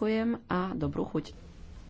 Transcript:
Ďakujem a dobrú chuť.